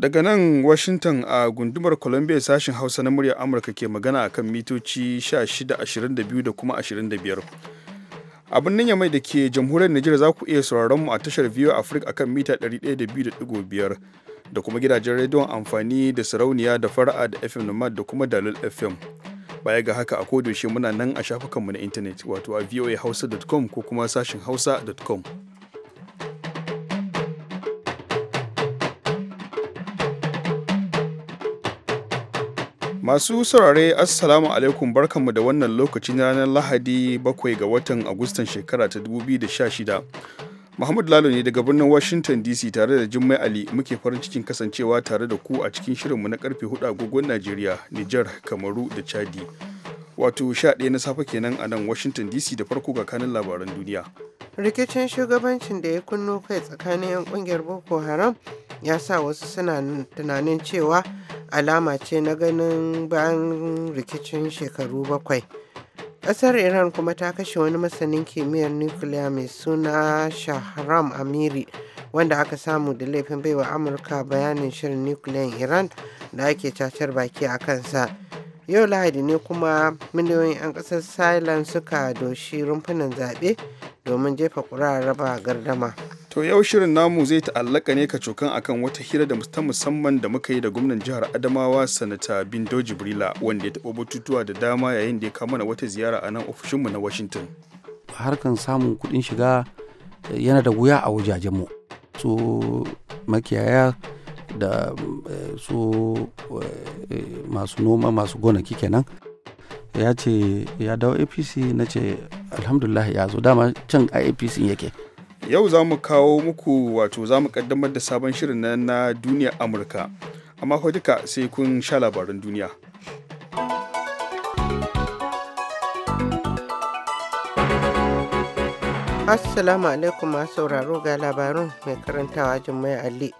Daga nan Washington a gundumar Columbia sashen Hausa na muryar Amurka ke magana a kan mitoci 16, da kuma 25. Abin nan mai da ke jamhuriyar Nijar za ku iya sauraron mu a tashar VOA Africa akan mita 102.5 da kuma gidajen rediyon amfani da sarauniya da fara'a da FM Nomad da kuma Dalil FM. Baya ga haka a kodoshe muna nan a shafukanmu na intanet wato a voahausa.com ko kuma sashin hausa.com. Masu saurare Assalamu alaikum barkanmu da wannan lokacin ranar Lahadi bakwai ga watan Agustan shekara ta 2016. Muhammad Lalo ne daga birnin Washington DC tare da Jummai Ali muke farin cikin kasancewa tare da ku a cikin shirinmu na karfe 4 agogon Najeriya, Nijar, Kamaru da Chadi. Wato 11 na safe kenan a nan Washington DC da farko ga kanin labaran duniya. Rikicin shugabancin da ya kunno kai tsakanin 'yan kungiyar Boko Haram ya sa wasu suna tunanin cewa alama ce na ganin bayan rikicin shekaru bakwai ƙasar iran kuma ta kashe wani masanin kimiyyar nukiliya mai suna shahram amiri wanda aka samu da laifin baiwa amurka bayanin shirin nukiliyan iran da ake cacar baki a kansa yau lahadi ne kuma miliyoyin 'yan ƙasar silan suka doshi rumfunan zaɓe domin jefa ƙuri'ar raba gardama To yau shirin namu zai ta'allaka ne kacokan akan wata hira da ta musamman da muka yi da gwamnan jihar Adamawa Sanata Bindo Jibrila wanda ya taɓa batutuwa da dama yayin da ya kama na wata ziyara a nan ofishinmu na Washington. Harkan samun kuɗin shiga yana da wuya a wajajenmu. So makiyaya da eh, su eh, masu noma masu gonaki kenan. Ya ce ya dawo APC na ce alhamdulillah ya zo dama can a APC yake. yau za mu kawo muku wato za mu kaddamar da sabon shirin na, na duniya amurka amma kawai duka sai kun sha labaran duniya assalamu alaikum masu sauraro ga labarun mai karantawa jummai ali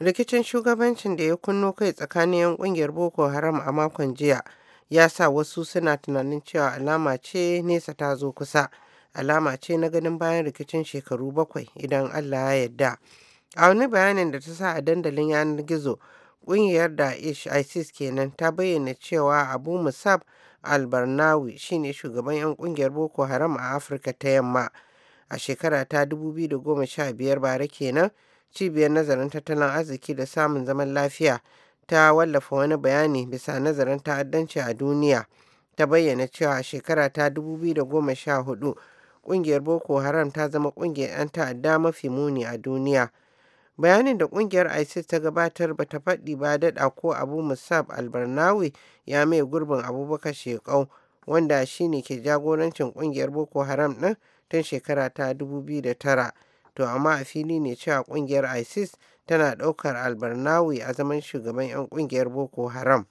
rikicin shugabancin da ya kunno kai tsakanin 'yan kungiyar boko haram a makon jiya ya sa wasu suna tunanin cewa alama ce nesa ta zo kusa alama ce na ganin bayan rikicin shekaru bakwai idan Allah ya yarda. A wani bayanin da ta sa a dandalin yanar gizo, ƙungiyar da ISIS kenan ta bayyana cewa Abu Musab al shine shugaban 'yan ƙungiyar Boko Haram a Afirka ta Yamma. A shekara ta 2015 bara kenan, cibiyar nazarin tattalin arziki da samun zaman lafiya ta wallafa wani bayani bisa nazarin ta'addanci a duniya. ta bayyana cewa a shekara ta 2014 ƙungiyar Boko Haram ta zama ƙungiyar 'yan ta'adda mafi muni a duniya. Bayanin da ƙungiyar ISIS ta gabatar bata faɗi ba daɗa ko Abu Musab Albarnawi ya mai gurbin Abubakar Shekau wanda shine ke jagorancin ƙungiyar Boko Haram ɗin tun shekara ta 2009. To amma a fili ne cewa ƙungiyar ISIS tana ɗaukar Albarnawi a zaman shugaban 'yan ƙungiyar Boko Haram.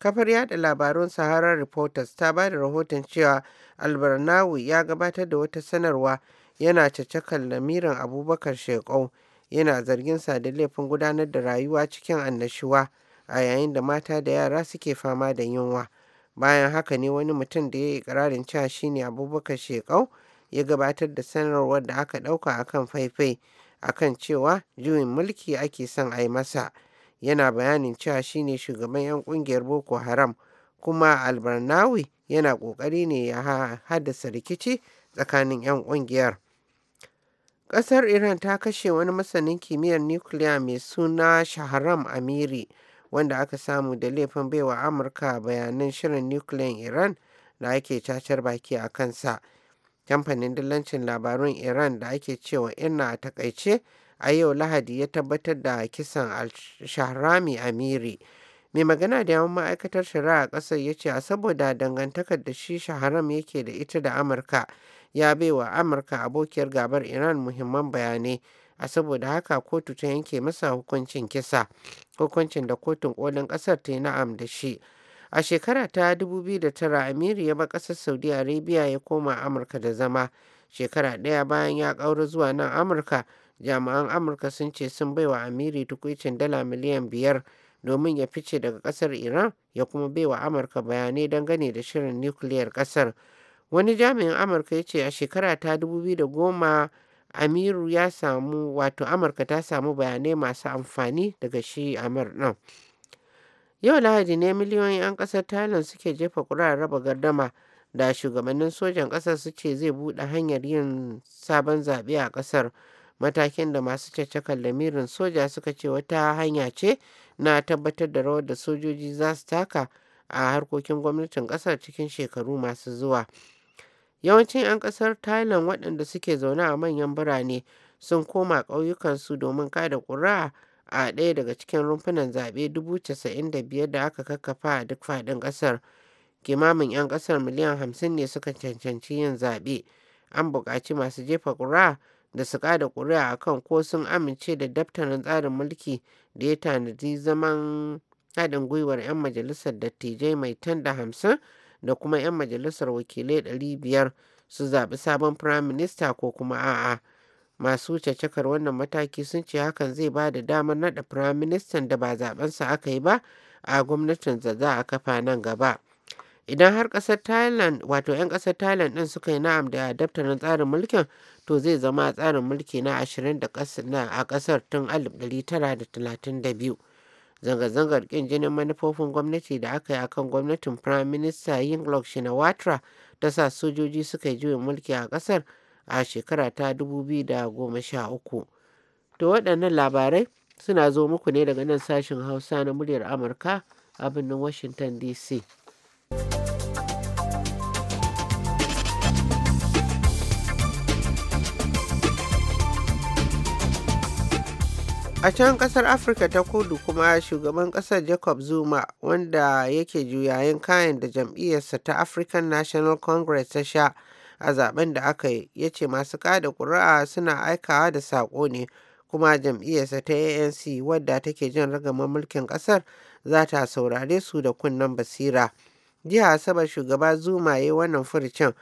Kafar yada labarun Sahara Reporters ta ba da rahoton cewa albarnawi ya gabatar da wata sanarwa yana cacakan lamirin Abubakar Shekau, yana zargin sa da laifin gudanar da rayuwa cikin annashuwa a yayin da mata da yara suke fama da yunwa. Bayan haka ne wani mutum da ya yi ikirarin cewa shine Abubakar Shekau ya gabatar da sanarwar da aka ɗauka akan faifai akan cewa juyin mulki ake son a yi masa. yana bayanin cewa shine shugaban 'yan kungiyar boko haram kuma albarnawi yana kokari ne ya haddasa rikici tsakanin 'yan kungiyar kasar iran ta kashe wani masanin kimiyyar nukiliya mai suna shaharam amiri wanda aka samu da laifin baiwa amurka bayanan shirin nukiliyan iran da ake cacar baki a kansa kamfanin dillancin labarun iran da ake cewa ina a takaice a yau lahadi ya tabbatar da kisan al-shahrami amiri mai magana da yawan ma'aikatar shari'a a ƙasar ya ce a saboda dangantakar da shi shaharam yake da ita da amurka ya bai wa amurka abokiyar gabar iran muhimman bayanai a saboda haka kotu ta yanke masa hukuncin kisa hukuncin da kotun kolin ƙasar ta yi na'am da shi a shekara ta 2009 amiri ya ba ƙasar saudi arabia ya koma amurka da zama shekara ɗaya bayan ya ƙaura zuwa nan amurka jami'an amurka sun ce sun baiwa amiri tukwicin dala miliyan biyar domin ya fice daga kasar iran ya kuma baiwa amurka bayanai dangane da shirin nukiliyar kasar wani jami'in amurka ya ce a shekara ta 2010 amiru ya samu wato amurka ta samu bayanai masu amfani daga shi amur ɗin yau lahadi ne miliyoyin 'yan kasar thailand suke jefa kurar raba gardama da shugabannin sojan kasar su ce zai buɗe hanyar yin sabon zaɓe a kasar. matakin da masu caccakar lamirin soja suka ce wata hanya ce na tabbatar da rawar da sojoji za su taka a harkokin gwamnatin kasar cikin shekaru masu zuwa yawancin 'yan kasar thailand waɗanda suke zaune a manyan birane sun koma ƙauyukansu domin kada ƙuri'a a ɗaya daga cikin rumfunan zaɓe casa'in da aka kakkafa a duk faɗin ƙasar kimamin 'yan ƙasar miliyan 50 ne suka cancanci yin zaɓe an buƙaci masu jefa ƙuri'a da su kada ƙuri'a kan ko sun amince da daftarin tsarin mulki da ya tanadi zaman haɗin gwiwar 'yan majalisar dattijai mai tan da hamsin da kuma 'yan majalisar wakilai ɗari biyar su zaɓi sabon firayim minista ko kuma a'a masu cacakar wannan mataki sun ce hakan zai ba da damar naɗa firayim ministan da ba zaɓensa aka yi ba a gwamnatin da za a kafa nan gaba idan har ƙasar thailand wato 'yan ƙasar thailand ɗin suka yi na'am da daftarin tsarin mulkin to zai zama tsarin mulki na ashirin da a ƙasar tun 1932 zanga-zangar ƙin jinin manufofin gwamnati da aka yi a kan gwamnatin prime minister yingluck shinawatra ta sa sojoji suka yi juyin mulki a ƙasar a shekara ta 2013 to waɗannan labarai suna zo muku ne daga nan sashen hausa na muryar amurka a birnin washington dc A can kasar Afirka ta kudu kuma shugaban kasar Jacob Zuma wanda yake juyayen kayan da jam'iyyarsa ta African National Congress ta sha a zaben da aka yi ya ce masu kada ƙuri'a suna aikawa da sako ne kuma jam'iyyarsa ta ANC wadda take jin ragamar mulkin kasar za ta saurare su da kunnen basira. Jiya Asabar shugaba Zuma ya yi wannan furucin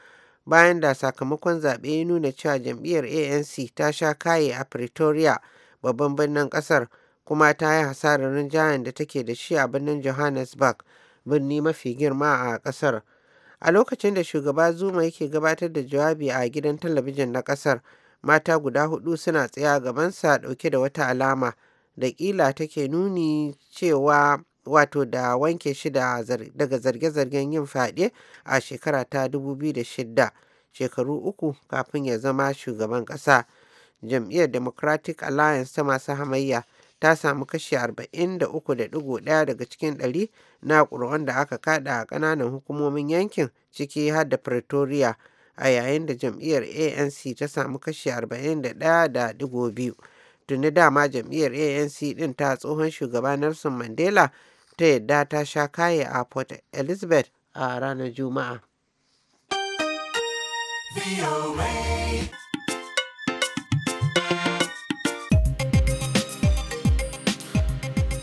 bayan da sakamakon zaɓe ya nuna cewa jam'iyyar ANC ta sha kaye a Pretoria. babban birnin kasar kuma ta yi hasarar rinjayen da take da shi a birnin johannesburg birni mafi girma a kasar a lokacin da shugaba zuma yake gabatar da jawabi a gidan talabijin na kasar mata guda hudu suna tsaya gabansa dauke da wata alama da kila take nuni cewa wato da wanke shi daga zarge-zargen yin fyaɗe a shekara ta 2006 shekaru uku kafin ya zama shugaban ƙasa jam'iyyar democratic alliance ta masu hamayya ta samu kashi 43.1 daga cikin ɗari na ƙuri'un da aka kada a ƙananan hukumomin yankin ciki har da pretoria a yayin da jam'iyyar anc ta samu kashi 41.2 tuni dama jam'iyyar anc din ta tsohon shugaba nelson mandela ta yadda ta sha kaye a port elizabeth a ranar juma'a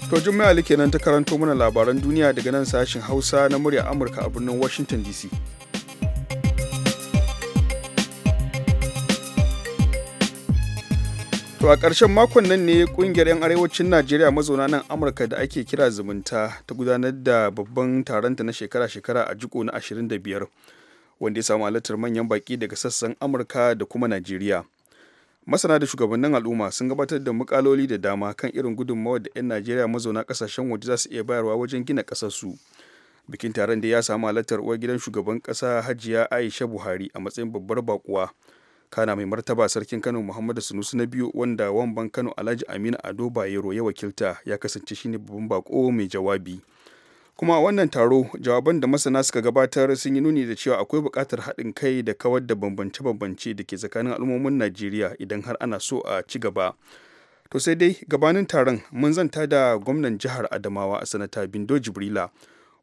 To Jummai Ali kenan ta karanto mana labaran duniya daga nan sashen Hausa na murya Amurka a birnin Washington DC. To a ƙarshen makon nan ne ƙungiyar 'yan arewacin Najeriya mazauna nan Amurka da ake kira zumunta ta gudanar da babban taronta na shekara-shekara a jiko na 25 wanda ya samu halartar manyan baƙi daga sassan Amurka da kuma Najeriya. masana da shugabannin al'umma sun gabatar da mukaloli da dama kan irin gudunmawar da 'yan najeriya mazauna kasashen waje za su iya bayarwa wajen gina su bikin taron da ya samu halartar uwar gidan shugaban kasa hajiya aisha buhari a matsayin babbar bakuwa kana mai martaba sarkin kano muhammadu sunusu na biyu wanda wamban kano alhaji aminu ado bayero ya wakilta ya kasance shine babban bako mai jawabi kuma a wannan taro jawaban da masana suka gabatar sun yi nuni da cewa akwai bukatar haɗin kai da kawar da bambance-bambance da ke tsakanin al'ummomin najeriya idan har ana so a ci gaba to sai dai gabanin taron mun zanta da gwamnan jihar adamawa a sanata bindo jibrila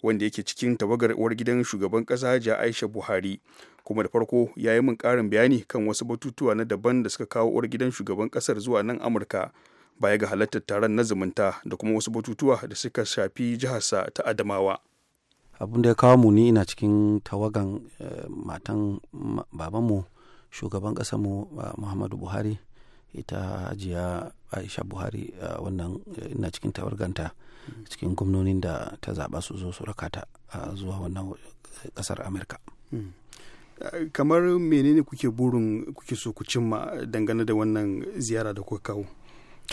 wanda yake cikin tawagar uwar gidan shugaban ƙasa ja aisha buhari kuma da farko ya yi min ƙarin bayani kan wasu batutuwa na daban da suka kawo uwar gidan shugaban ƙasar zuwa nan amurka baya ga halartar taron na zumunta da kuma wasu batutuwa da suka shafi jiharsa ta adamawa abin da ya kawo mu ni ina cikin tawagan eh, matan babanmu shugaban mu eh, muhammadu buhari ita hajiya aisha buhari eh, wannan ina cikin tawarganta cikin gwamnonin da ta zaɓa su zo su rakata zuwa wannan ƙasar amurka hmm. kamar menene kuke burin kuke so ku cimma dangane da wannan ziyara da kuka kawo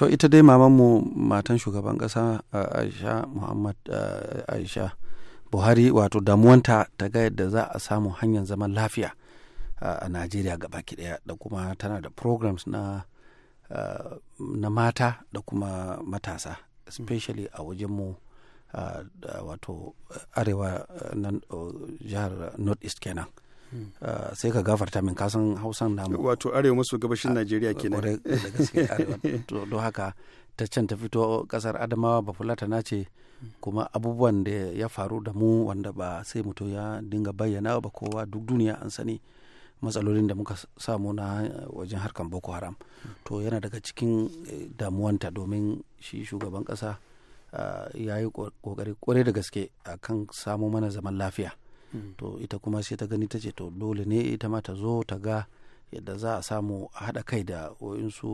to ita dai mamanmu matan shugaban kasa aisha muhammad aisha buhari wato damuwanta ta ga yadda za a samu hanyar zaman lafiya a najeriya gaba ɗaya da kuma tana da programs na na mata da kuma matasa especially a wajenmu wato arewa na jihar northeast kenan Eh, sai ka gafarta min kasan hausan namu wato arewa maso gabashin ah, najeriya kenan don haka ta can ta fito kasar adamawa ba fulata na ce kuma abubuwan da ya faru da mu wanda ba sai mutum ya dinga bayyana ba kowa duk duniya an sani matsalolin da muka samu na wajen harkan boko haram to yana daga cikin eh, damuwanta domin shi shugaban kasa ah, ya yi kokari kwarai da gaske akan samu mana zaman lafiya Mm. to ita kuma sai ta gani ta ce to dole ne ita ma ta zo ta ga yadda za a samu a haɗa kai da su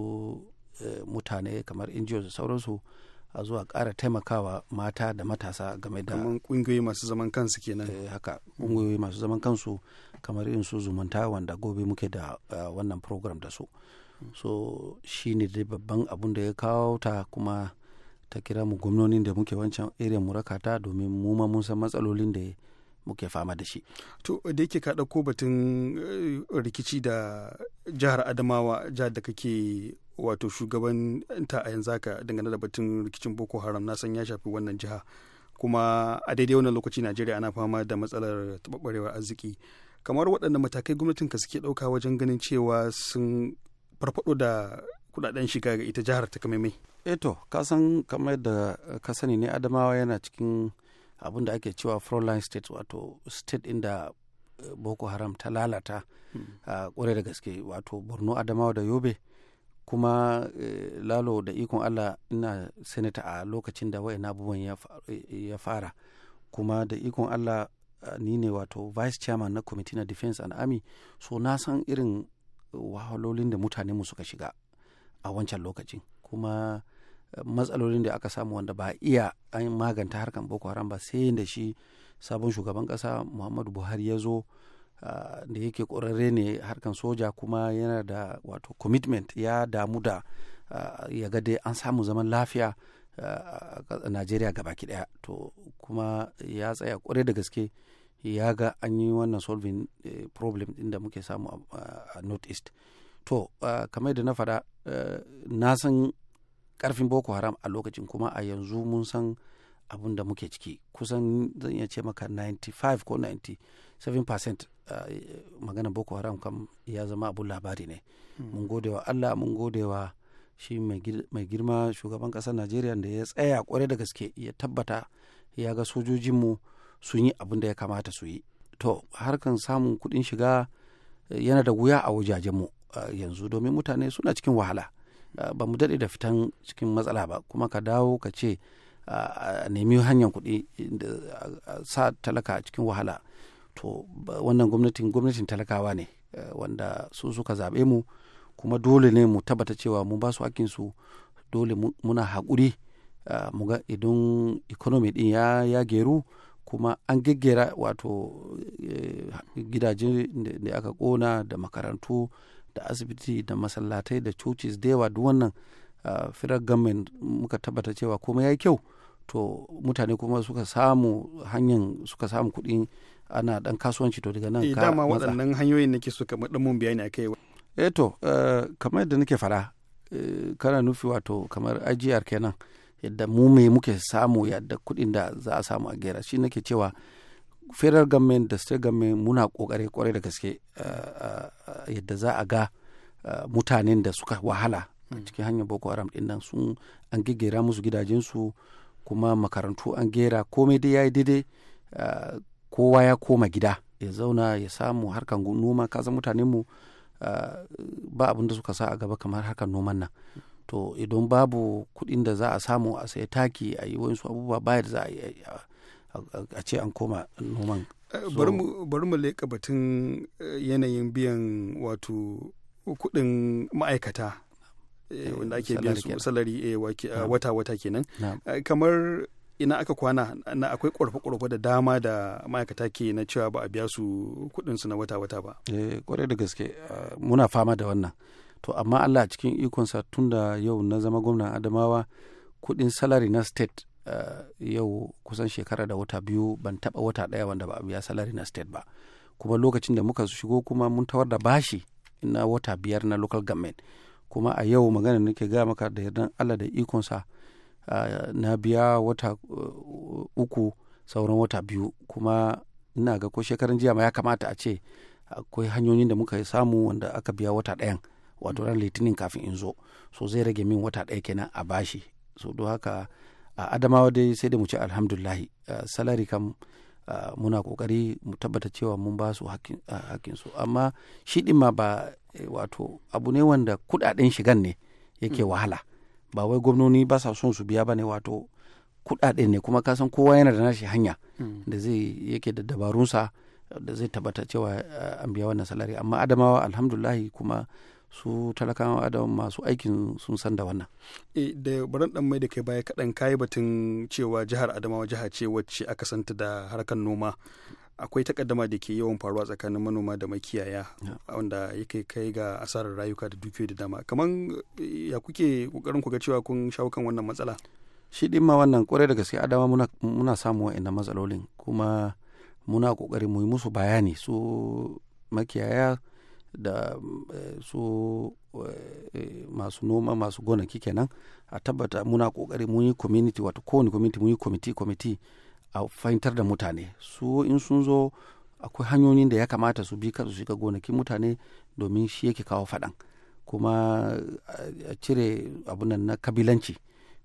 eh, mutane kamar NGOs da sauransu a zuwa ƙara taimakawa mata da matasa game da kamar ƙungiyoyi masu zaman kansu kenan eh, haka ƙungiyoyi masu zaman kansu kamar in su zumunta wanda gobe muke da eh, wannan program da su mm. so shi ne dai babban abun da ya kawo ta kuma ta kira mu gwamnonin da muke wancan irin mu rakata domin mu ma mun san matsalolin da muke fama da shi. To da yake ka ɗauko batun eh, rikici da jihar Adamawa jihar da kake wato shugaban ta a yanzu haka dangane da batun rikicin Boko Haram na san ya shafi wannan jiha. Kuma a daidai wannan lokaci Najeriya ana fama da matsalar taɓarɓarewar arziki. Kamar waɗannan matakai gwamnatin ka suke ɗauka wajen ganin cewa sun farfaɗo da kudaden shiga ga ita jihar ta kamaimai. Eto, eh kasan kamar da ka sani ne Adamawa yana cikin abin da ake cewa frontline state wato state inda eh, boko haram ta lalata hmm. a ah, kware da gaske wato borno adamawa da yobe kuma eh, lalo da ikon allah ina senata a lokacin da wa'in abubuwan ya fara kuma da ikon allah ah, ni ne wato vice chairman na committee na defense and army so na san irin eh, wahalolin da mutane mu suka shiga a wancan lokacin kuma matsalolin da aka samu wanda ba iya an maganta harkan boko haram ba sai da shi sabon shugaban kasa muhammadu buhari ya zo da yake ƙwararre ne harkan soja kuma yana da wato commitment ya damu da ya ga dai an samu zaman lafiya a najeriya gaba daya to kuma ya tsaya kwarai da gaske ya ga an yi wannan solving e, problem din da muke samu a north east to kamar da na faɗa e, na san karfin boko haram a lokacin kuma a yanzu mun san abun da muke ciki kusan zan iya ce maka 95 ko 97% uh, magana boko haram kam ya zama abun labari ne hmm. mun gode wa allah mun gode wa shi mai girma shugaban ƙasar najeriya da ya tsaya kware da gaske ya tabbata ya ga sojojinmu sun yi abun da ya kamata su yi to harkan samun kuɗin shiga eh, yana da wuya a wajajenmu eh, yanzu domin mutane suna cikin wahala ba mu daɗe da fitan cikin matsala ba kuma ka dawo ka ce a nemi hanyar kuɗi sa talaka a cikin wahala to wannan gwamnatin gwamnatin talakawa ne wanda su suka zaɓe mu kuma dole ne mu tabbata cewa mun ba su su dole muna haƙuri mu ga idan economy din ya, ya geru kuma an gaggera wato eh, gidajen da aka ƙona da makarantu da asibiti da masallatai da churches da yawa duk wannan firar government muka tabbata cewa komai ya yi kyau to mutane kuma suka samu hanyar suka samu kuɗi ana ɗan kasuwanci to daga nan eh, ka dama waɗannan hanyoyin nake so kamar ɗan mun bayani akai eh to eh, kamar yadda nake fara eh, kana nufi wato kamar ajiyar kenan yadda mu me muke samu yadda kuɗin da za a samu a gera shi nake cewa federal government da state government muna kokari kwarai da gaske Eh, yadda za a ga eh, mutanen da suka wahala a cikin hanyar boko haram din nan sun an gera musu gidajensu kuma makarantu an gera komai dai ya yi daidai eh, kowa ya koma gida ya zauna ya samu harkan noma kasa mutanen mu ba abin da suka sa a gaba kamar harkan noman nan to idan babu kuɗin da za a samu a sai taki a yi wasu abubuwa ba da za a yi a ce an koma noman Eh, bari mu leƙa batun eh, yanayin biyan wato kuɗin ma'aikata eh, wanda ake biyan su salari wata-wata kenan kamar ina aka kwana na akwai ƙorafe-ƙorafe da dama da ma'aikata ke na cewa ba a biya su su na wata-wata ba kwarai da gaske muna fama da wannan to amma allah cikin ikonsa tun da yau na zama gwamnan adamawa kuɗin salari na state Eh, yau kusan shekara da wata biyu ban taba wata ɗaya wanda ba a biya salari na state ba kuma lokacin da muka shigo kuma mun tawar da bashi na wata biyar na local government kuma a yau magana nake gaya maka da yardan allah da ikonsa eh, na biya wata eh, uku sauran wata biyu kuma ina ga ko shekaran jiya ma ya kamata a ce akwai hanyoyin da muka samu wanda aka biya wata ɗayan wato ran litinin kafin in zo so zai rage min wata ɗaya kenan a bashi so don haka a adamawa dai sai da mu ce alhamdulahi salari kam muna kokari mu tabbata cewa mun ba su hakinsu amma shi din ma ba eh, wato abu ne wanda kudaden shigan ne yake mm. wahala ba wai gwamnoni ba sa son su biya ba ne wato kudaden ne kuma kasan kowa yana da nashi hanya mm. da zai yake da dabarunsa da zai tabbata cewa eh, an biya wannan salari amma adamawa alhamdulahi kuma su talakawa da masu aikin sun san da wannan e, da baran dan mai da kai baya kaɗan kayi batun cewa jihar adamawa jiha ce wacce aka santa da harkar noma akwai takaddama da ke yawan faruwa tsakanin manoma da makiyaya wanda yake kai ga asarar rayuka da dukiyoyi da dama kamar e, ya kuke kokarin ku ga cewa kun shawo kan wannan matsala shi din ma wannan kwarai da gaske adama muna, muna samu wa'annan matsalolin kuma muna kokarin mu yi musu bayani su makiyaya da eh, su eh, masu noma masu gonaki kenan a tabbata muna kokari mun yi community wato kowane community mun yi committee committee a fahimtar da mutane su in sun zo akwai hanyoyin da ya kamata su bi kansu shiga gonakin mutane domin shi yake kawo faɗan kuma eh, a cire abunan na kabilanci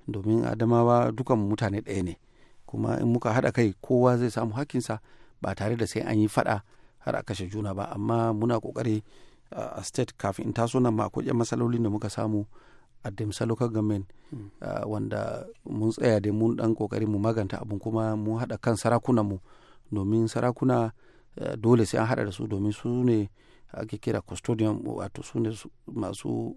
domin adamawa dukan mutane ɗaya ne kuma in muka haɗa kai kowa zai samu hakinsa ba tare da sai an yi faɗa har a kashe juna ba amma muna kokari a state kafin in taso nan ma akwai yan matsalolin da muka samu a demsa local government hmm. wanda mun tsaya da mun dan kokari mu maganta abun kuma mun haɗa kan sarakuna mu domin sarakuna dole sai an haɗa da su domin su ne ake kira custodian wato su ne masu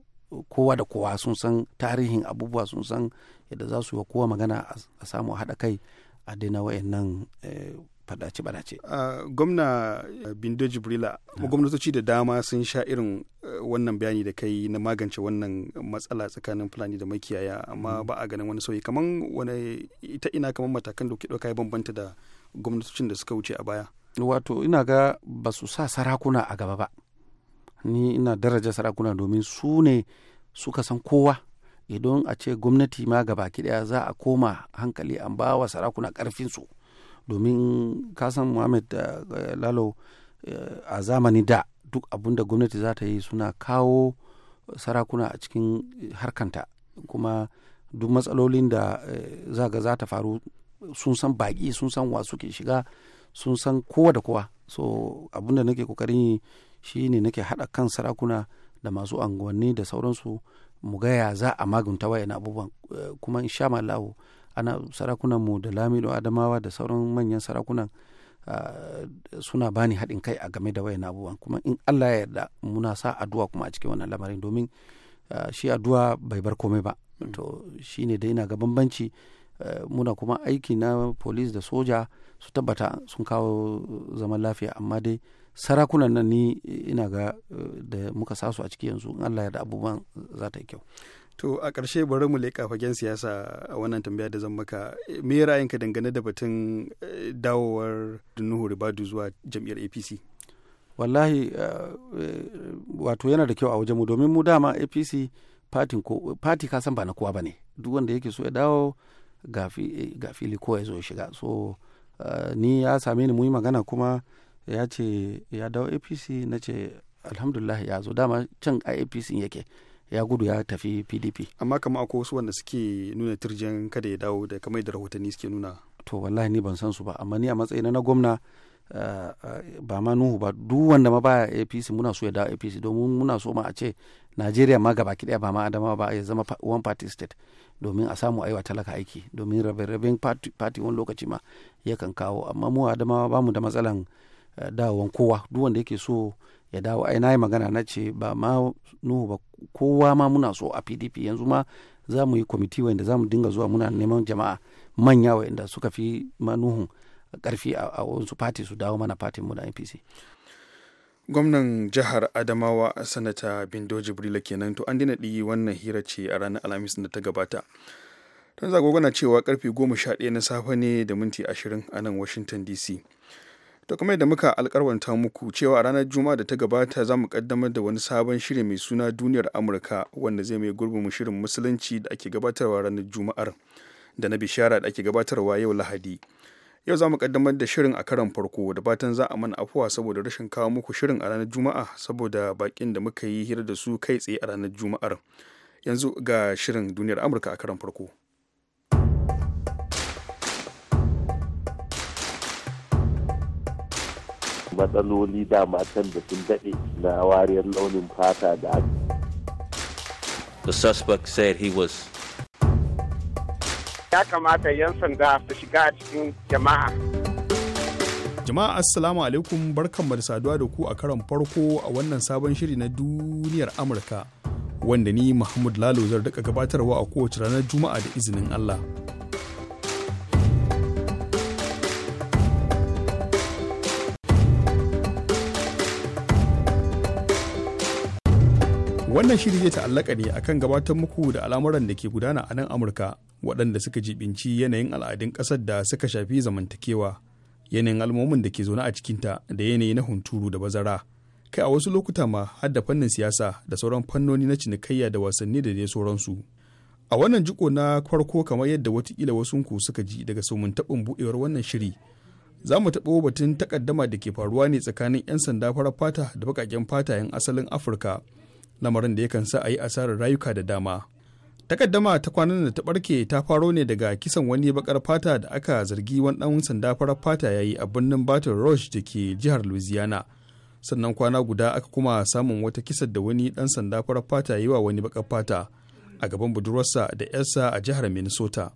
kowa da kowa sun san tarihin abubuwa sun san yadda za su yi wa kowa magana a samu haɗa kai a daina wayannan eh, fadace-fadace. Uh, gwamna eh, Bindo Jibrila, yeah. gwamnatoci da dama sun sha irin uh, wannan bayani da kai na magance wannan matsala tsakanin Fulani da makiyaya, amma mm. ba a ganin wani sauyi. Kaman wani ita ina kaman matakan da ɗauka ya bambanta da gwamnatocin da suka wuce a baya. Wato ina ga ba su sa sarakuna a gaba ba. Ni ina daraja sarakuna domin su ne suka san kowa. Idan a ce gwamnati ma gaba daya za a koma hankali an ba wa sarakuna ƙarfinsu. su. domin kasan muhammad eh, eh, lalo eh, a zamani da duk abinda gwamnati za ta yi suna kawo sarakuna a cikin harkanta kuma duk matsalolin da zaga za ta faru sun san baƙi sun san wa suke shiga sun san kowa da kowa so abinda nake kokarin yi shi ne nake haɗa kan sarakuna da masu anguwanni da sauransu mu gaya za a magunta wayan abubuwan kuma in sha ana sarakunanmu da lamido adamawa da sauran manyan sarakunan suna bani haɗin kai a game da wayan abubuwan kuma in allah ya yarda muna sa addu'a kuma a cikin wannan lamarin domin shi addu'a bai bar komai ba mm. to shine da ina ga bambanci muna kuma aiki na polis da soja su tabbata sun kawo zaman lafiya amma dai sarakunan nan ni ina ga da muka sa su a ciki yanzu in allah ya da abubuwan za ta yi kyau To a ƙarshe bari mu leƙa fagen siyasa a wannan tambaya da zan maka me ra'ayinka dangane da batun eh, dawowar Nuhu Ribadu zuwa jam'iyyar APC? Wallahi eh, eh, wato yana da kyau a wajen mu domin mu dama APC fati ka san ba na kowa ne duk wanda yake so ya dawo ga fili ko ya zo ya shiga so ni ya same ni mu magana kuma ya ce ya dawo APC na ce alhamdulillah ya zo dama can a APC yake. ya gudu ya tafi pdp amma kama akwai wasu wanda suke nuna turjen kada ya dawo da kamar da rahotanni suke nuna to wallahi ni ban san su ba amma ni a matsayina na gwamna eh, eh, ba ma nuhu ba duk wanda ma baya apc muna so ya dawo apc domin muna so ma a ce najeriya ma gaba ki ba ma adama ba ya zama one party state domin a samu aiwa talaka aiki domin rabe-raben party, wani lokaci ma yakan kawo amma mu adama ba mu da matsalan eh, dawowan kowa duk wanda yake so ya dawo ai na yi magana na ce ba ma nuhu ba kowa ma muna so a pdp yanzu ma za mu yi kwamiti wanda za mu dinga zuwa muna neman jama'a manya wanda suka fi ma nuhu karfi a wasu fati su dawo mana fatin mu na npc gwamnan jihar adamawa sanata bindo jibrila kenan to an dina ɗi wannan hira ce a ranar alhamis da ta gabata don zagogona cewa karfe goma sha ɗaya na safe ne da minti ashirin a nan washington dc To kamar yadda muka alkarwanta muku cewa ranar Juma'a da ta gabata za mu kaddamar da wani sabon shiri mai suna Duniyar Amurka wanda zai mai gurbin mu shirin musulunci da ake gabatarwa ranar Juma'ar da na bishara da ake gabatarwa yau Lahadi. Yau za mu kaddamar da shirin a karan farko da batan za a mana afuwa saboda rashin kawo muku shirin a ranar Juma'a saboda bakin da muka yi hira da su kai tsaye a ranar Juma'ar. Yanzu ga shirin Duniyar Amurka a karan farko. matsaloli da matan da sun daɗe na wariyar launin fata da The suspect said he was ya kamata 'yan sanda su shiga a cikin jama'a. Jama'a Assalamu alaikum barkanmu da saduwa da ku a karon farko a wannan sabon shiri na duniyar Amurka wanda ni Muhammad Lalo zar daga gabatarwa a kowace ranar Juma'a da izinin Allah. Wannan shiri zai ta'allaka ne akan gabatar muku da al'amuran da ke gudana a nan Amurka waɗanda suka jibinci yanayin al'adun ƙasar da suka shafi zamantakewa, yanayin al'ummomin da ke zaune a cikinta da yanayi na hunturu da bazara. Kai a wasu lokuta ma har da fannin siyasa da sauran fannoni na cinikayya da wasanni da dai sauransu. A wannan jiko na farko kamar yadda watakila wasunku suka ji daga saumin taɓin buɗewar wannan shiri. za mu taɓo batun takaddama da ke faruwa ne tsakanin 'yan sanda farar fata da baƙaƙen fata asalin afirka lamarin da yakan sa a yi asarar rayuka da dama takaddama ta kwanan da ta barke ta faro ne daga kisan wani bakar fata da aka zargi wani ɗan sanda farar fata yayi a birnin baton rouge da ke jihar louisiana sannan kwana guda aka kuma samun wata kisar da wani ɗan sanda farar fata yi wa wani bakar fata a gaban budurwarsa da yarsa a jihar minnesota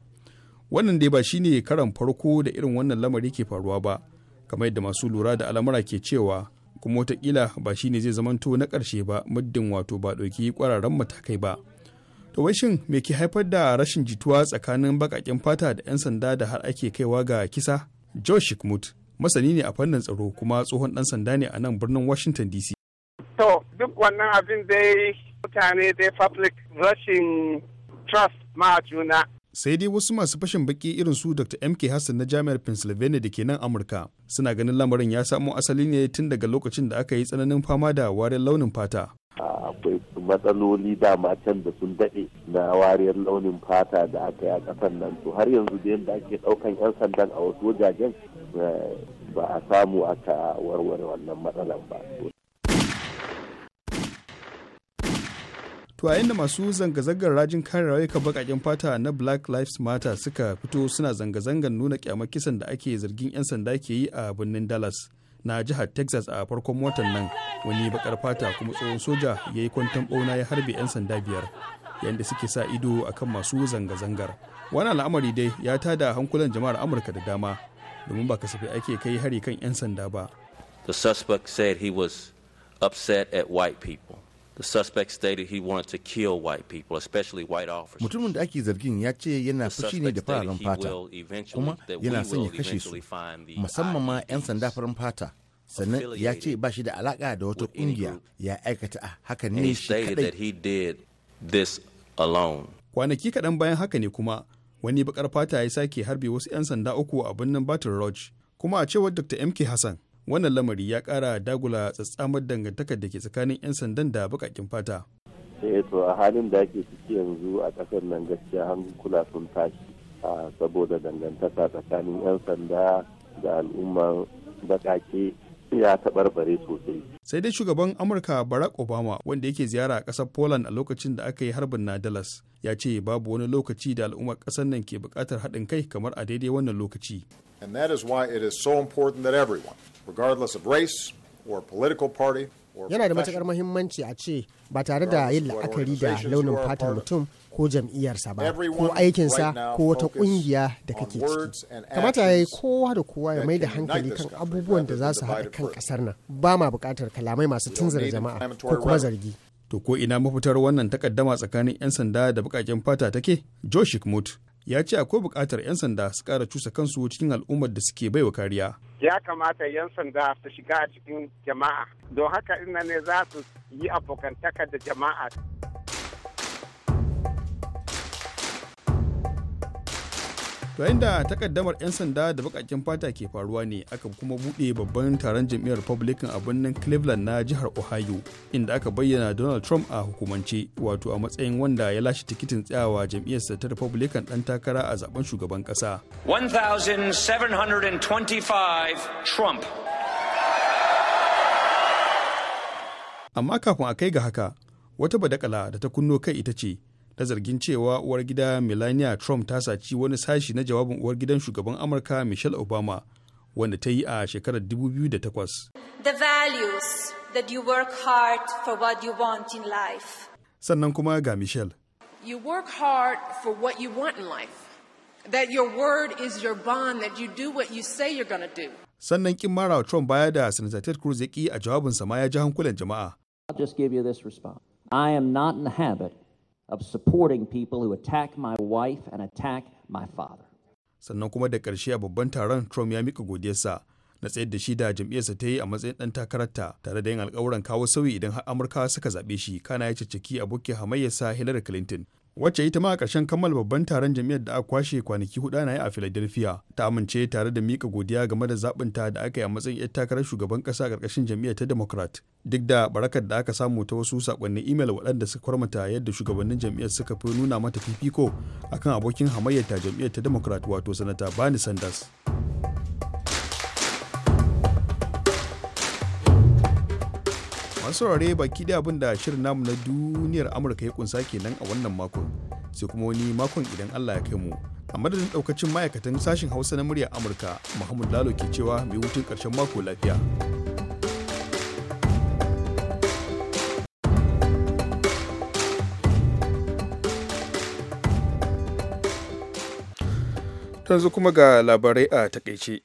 wannan dai ba shine karan farko da irin wannan lamari ke faruwa ba kamar yadda masu lura da al'amura ke cewa kuma watakila ba shi ne zai zamanto na ƙarshe ba muddin wato ba ɗauki ƙwararren matakai ba to wai shin me ke haifar da rashin jituwa tsakanin baƙaƙen fata da 'yan sanda da har ake kaiwa ga kisa josh shikmut masani ne a fannin tsaro kuma tsohon ɗan sanda ne a nan birnin washington dc to duk wannan abin dai mutane dai public rashin trust ma juna sai dai wasu masu fashin baki irin su dr mk hassan na jami'ar pennsylvania da ke nan amurka suna ganin lamarin ya samo asali ne tun daga lokacin da aka yi tsananin fama da wariyar launin fata akwai matsaloli dama can da sun daɗe na wariyar launin fata da aka yi a ƙasar nan to har yanzu da yadda ake ɗaukan 'yan sandan a wasu wajajen eh, ba a samu aka warware wannan matsalar ba to a inda masu zanga-zangar rajin kare rayuka bakaken fata na black lives matter suka fito suna zanga-zangar nuna kyamar kisan da ake zargin 'yan sanda ke yi a birnin dallas na jihar texas a farkon watan nan wani bakar fata kuma tsohon soja ya yi kwanton bauna ya harbe 'yan sanda biyar yadda suke sa ido akan masu zanga-zangar wani al'amari dai ya tada hankulan jama'ar amurka da dama domin ba kasafi ake kai hari kan 'yan sanda ba the suspect said he was upset at white people The suspect stated he to kill white people, especially white officers. Mutumin da ake zargin ya ce yana fushi ne da fararen fata, kuma yana son ya kashe su, musamman ma 'yan e sanda farin fata. Sannan ya ce ba shi da alaka da wata kungiya ya aikata a haka ne shi kadai. Kwanaki kaɗan bayan haka ne kuma wani bakar fata ya sake harbe wasu 'yan sanda uku a birnin Baton Rouge, kuma a cewar Dr. MK Hassan wannan lamari ya kara dagula tsatsamar dangantakar da ke tsakanin 'yan sandan da bakakin fata eh to a halin da ake ciki yanzu a kasar nan gaskiya hankula sun tashi saboda dangantaka tsakanin 'yan sanda da al'umman bakake ya tabarbare sosai. Sai dai shugaban Amurka Barack Obama wanda yake ziyara a ƙasar Poland a lokacin da aka yi harbin na Dallas ya ce babu wani lokaci da al'ummar ƙasar nan ke bukatar haɗin kai kamar a daidai wannan lokaci. And that is why it is so important that everyone, regardless of race or political party, yana da matukar muhimmanci a ce ba tare da yin la'akari da launin fatar mutum ko jam'iyyarsa ba ko aikinsa ko wata kungiya da kake ciki kamata ya yi kowa da kowa ya mai da hankali kan abubuwan da za su haɗa kan ƙasar nan ba ma buƙatar kalamai masu tunzar jama'a ko kuma zargi to ko ina mafitar wannan takaddama tsakanin 'yan sanda da baƙaƙen fata take joshik shikmut. ya ce akwai buƙatar 'yan sanda su ƙara cusa kansu cikin al'ummar da suke baiwa kariya. Ya kamata 'yan sanda su shiga cikin jama'a, don haka ina ne za su yi abokantaka da jama'a. yayin da takaddamar 'yan sanda da bakakin fata ke faruwa ne aka kuma buɗe babban taron jam'iyyar republican a birnin cleveland na jihar ohio inda aka bayyana donald trump a hukumance wato a matsayin wanda ya lashe tikitin tsayawa jam'iyyarsa ta republican ɗan takara a zaben shugaban ƙasa 1725 trump amma kafin a kai ga haka wata badakala da ta kunno kai ita ce ta zargin cewa uwar gida melania trump ta saci wani sashi na jawabin uwar gidan shugaban amurka michelle obama wanda ta yi a shekarar 2008 the values that you work hard for what you want in life sannan kuma ga michelle you work hard for what you want in life that your word is your bond that you do what you say you're going to do sannan kin mara Trump baya da Senator Ted Cruz ya ki a jawabinsa ma ya ji hankulan jama'a. I'll just give you this response. I am not in the habit of supporting people who attack my wife and attack my father. Sannan kuma da ƙarshe a babban taron Trump ya mika godiyarsa na tsayar da shi da jam'iyyarsa ta yi a matsayin ɗan takararta tare da yin alkawuran kawo sauyi idan har Amurka suka zaɓe shi kana ya cicciki abokin hamayyarsa Hillary Clinton wacce ita ma a ƙarshen kammal babban taron jam'iyyar da aka kwashe kwanaki hudu na yi a Philadelphia ta amince tare da mika godiya game da zabinta da aka yi a matsayin 'yar takarar shugaban ƙasa a ƙarƙashin jam'iyyar ta Democrat duk da barakar da aka samu ta wasu sakonnin imel waɗanda suka kwarmata yadda shugabannin jam'iyyar suka fi nuna mata fifiko akan abokin hamayyar ta jam'iyyar ta Democrat wato sanata Bernie Sanders. masu saurare baki da abin da shirin namu na duniyar amurka ya kunsa kenan a wannan makon sai kuma wani makon idan allah ya kai mu a madadin daukacin ma'aikatan sashen hausa na murya amurka muhammad lalo ke cewa mai hutun karshen mako lafiya yanzu kuma ga labarai a takaice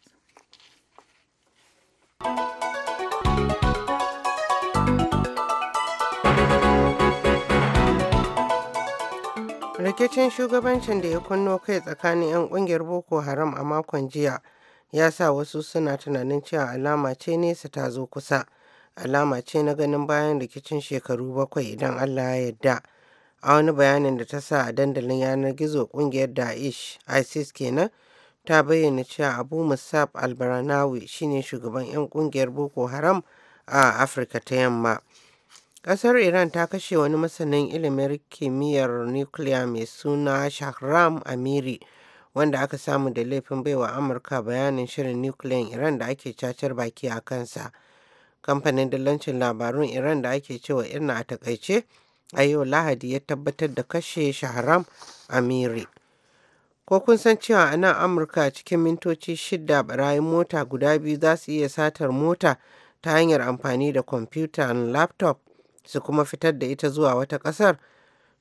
rikicin shugabancin da ya kunno kai tsakanin 'yan kungiyar boko haram a makon jiya ya sa wasu suna tunanin cewa alama ce nesa ta zo kusa alama ce na ganin bayan rikicin shekaru bakwai idan allah ya yarda a wani bayanin da ta sa a dandalin yanar gizo kungiyar daesh isis kenan ta bayyana cewa abu musab albaranawi shine shugaban 'yan kungiyar boko haram a afirka ta yamma Ƙasar Iran ta kashe wani masanin ilimin kimiyyar nukiliya mai suna Shahram Amiri wanda aka samu da laifin baiwa Amurka bayanin shirin nukiliyan Iran da ake cacar baki a kansa. Kamfanin dillancin labarun Iran da ake cewa Irna a takaice a yau Lahadi ya tabbatar da kashe Shahram Amiri. Ko kun san cewa a Amurka cikin mintoci shida barayin mota guda biyu za su iya satar mota ta hanyar amfani da kwamfuta laptop su kuma fitar da ita zuwa wata ƙasar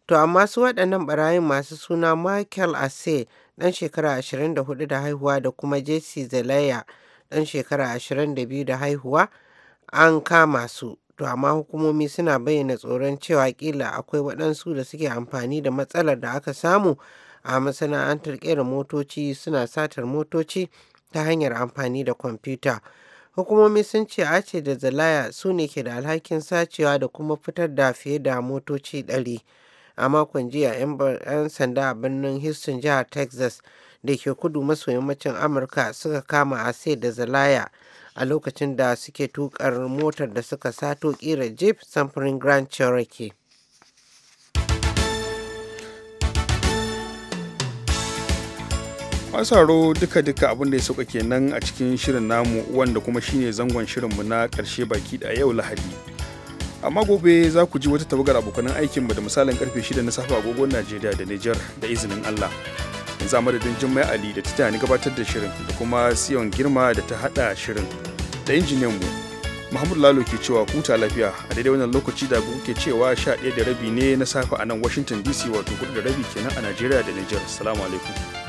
to amma su waɗannan barayin masu suna michael ase ɗan shekara 24 da haihuwa da kuma jesse zelaya ɗan shekara 22 da haihuwa an kama su to amma hukumomi suna bayyana tsoron cewa ƙila akwai waɗansu da suke amfani da matsalar da aka samu a masana'antar ƙera motoci suna satar motoci ta hanyar amfani da kwamfuta hukumomi sun ce ace da zalaya su ne ke da alhakin sacewa da kuma fitar da fiye da motoci ɗari a makon jiya 'yan sanda a birnin houston jihar texas da ke kudu maso yammacin amurka suka kama ase da zalaya a lokacin da suke tukar motar da suka sato kira jeep samfurin grand cherokee masaro duka-duka abun da ya sauka kenan a cikin shirin namu wanda kuma shine zangon shirinmu na karshe baki da yau lahadi amma gobe za ku ji wata tawagar abokanan aikinmu da misalin karfe 6 na safe agogon najeriya da niger da izinin allah yanzu a madadin jimai ali da titani gabatar da shirin da kuma siyon girma da ta hada shirin da injiniyan mu muhammadu lalo ke cewa huta lafiya a daidai wannan lokaci da ke cewa sha ɗaya da rabi ne na safe a nan washington dc wato 4 da rabi kenan a najeriya da niger salamu alaikum